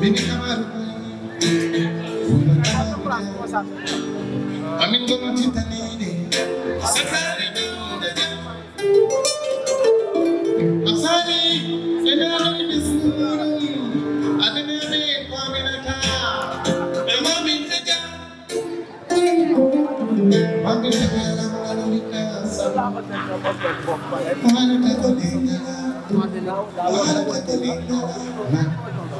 Amin gonna cinta ini Sekali Asali Sedang ini seluruh Ada nabi Kwaminata Nama mintaja Mami segala Malalika Selamat Malalika Malalika Malalika Malalika Malalika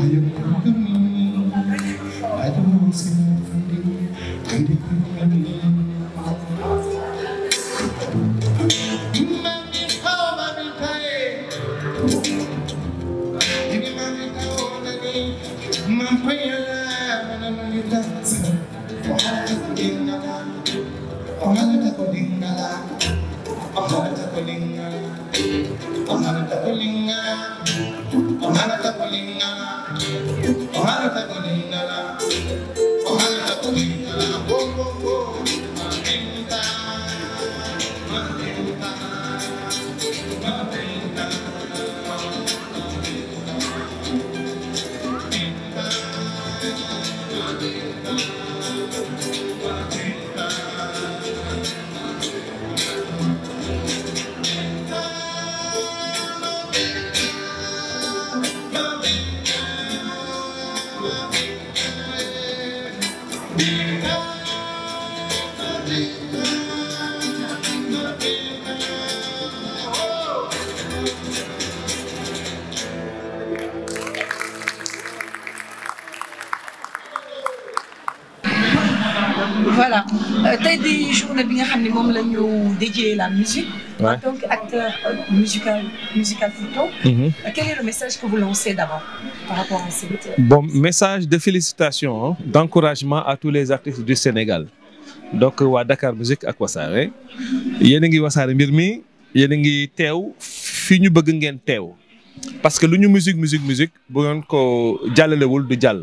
I I I am don't don't Linga, Linga, Linga, وهرث قلنا وهرث قلنا Euh, tey di journée bi nga xam ne moom la dédié la musique. en tant qu'acteur euh, musical musical plutôt. Mhm. Euh, quel est le message que vous lancez d'abord par rapport à cette. bon message de félicitations hein, d'encouragement à tous les artistes du Sénégal donc waa Dakar Musique ak Il yéen a ngi wasaare mbir mi yéen a ngi teew fi ñu bëgg ngeen teew parce que lu ñu musique musique musique bu ngeen ko jàllalewul du jàll.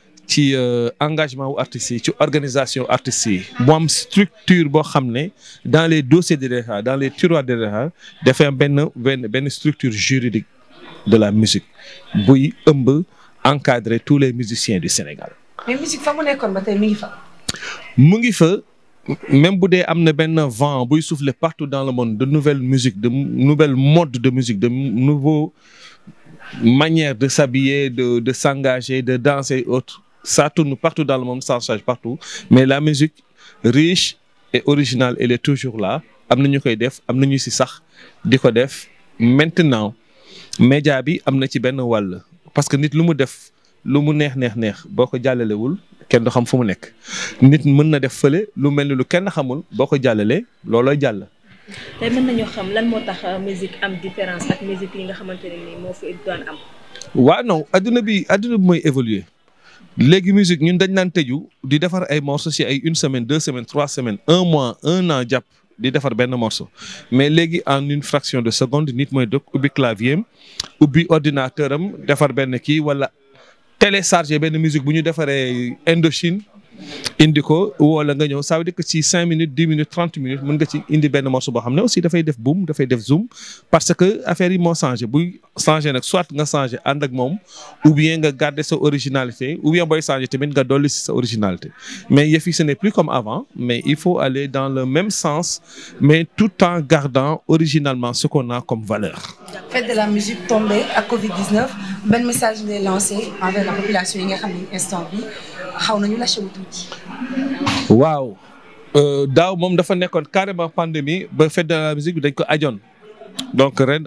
ci euh, engagement ou artistes organisation artistes am structure bo xamné dans les dossiers de dans les tiroirs de DRH dafay am ben une structure juridique de la musique buy ëmb encadrer tous les musiciens du Sénégal. mais musique fa mu nekkoon ba tey mi ngi fa. ngi fa même si dee am ben vent buy souffle partout dans le monde de nouvelles musiques de nouvelles modes de musique de nouveaux manières de s'habiller de de s'engager de danser et autres ça tourne partout dans le monde, ça change partout. Mais la musique riche et originale, elle est toujours là. Amna ñu koy def amna ñu si sax diko def maintenant média bi amna ci ben wàll parce que nit lu mu def lu mu neex neex neex boko ko wul, kenn do xam fu mu nek. nit mën na def feulé lu mel lu kenn xamul boko jallalé, loloy jall. Tay mën nañu xam lan moo tax euh, musique am différence ak musique yi nga xamante ne nii fi doon am. Wa non aduna bi aduna bi évoluer. Les musique nous avons fait des morceaux une semaine deux semaines trois semaines un mois un an nous avons fait des morceau mais léegi en une fraction de seconde nous avons fait des clavier des ordinateurs, des am des musiques, kii wala télécharger benn musique Indochine indi ko wala nga ñëw ça veut dire que ci cinq minutes 10 minutes trente minutes mën nga ci indi benn morceau boo xam ne aussi dafay def boom dafay def zoom parce que affaire yi moo changé bu changé nag soit nga changé ànd ak moom ou bien nga garder sa originalité ou bien booy changé tamit nga dolli si sa originalité mais yëf yi ce n'est plus comme avant mais il faut aller dans le même sens mais tout en gardant originalement ce qu'on a comme valeur. Fête de la musique tombée à Covid-19 ben message ngay lancé envers la population yi nga xam instant bi Wow, nañu lâché wu waaw euh, dafa carrément pandémie ba fête de la musique dañ donc ren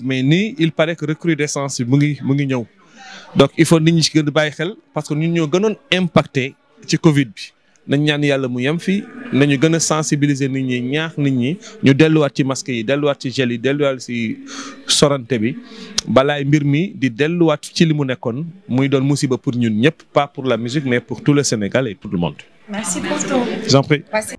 mais il paraît que recrudescence mu ngi donc il faut nit ci gën parce que ñun ñoo impacté ci Covid nañ ñaan yàlla mu yem fi nañu gën a sensibiliser nit ñi ñaax nit ñi ñu delluwaat ci masque yi delluwaat ci gel yi delluwaat ci sorante bi balaay mbir mi di delluwaat ci li mu nekkoon muy doon musiba pour ñun ñëpp pas pour la musique mais pour tout le Sénégal et pour le monde. merci pour tout. j'en prie.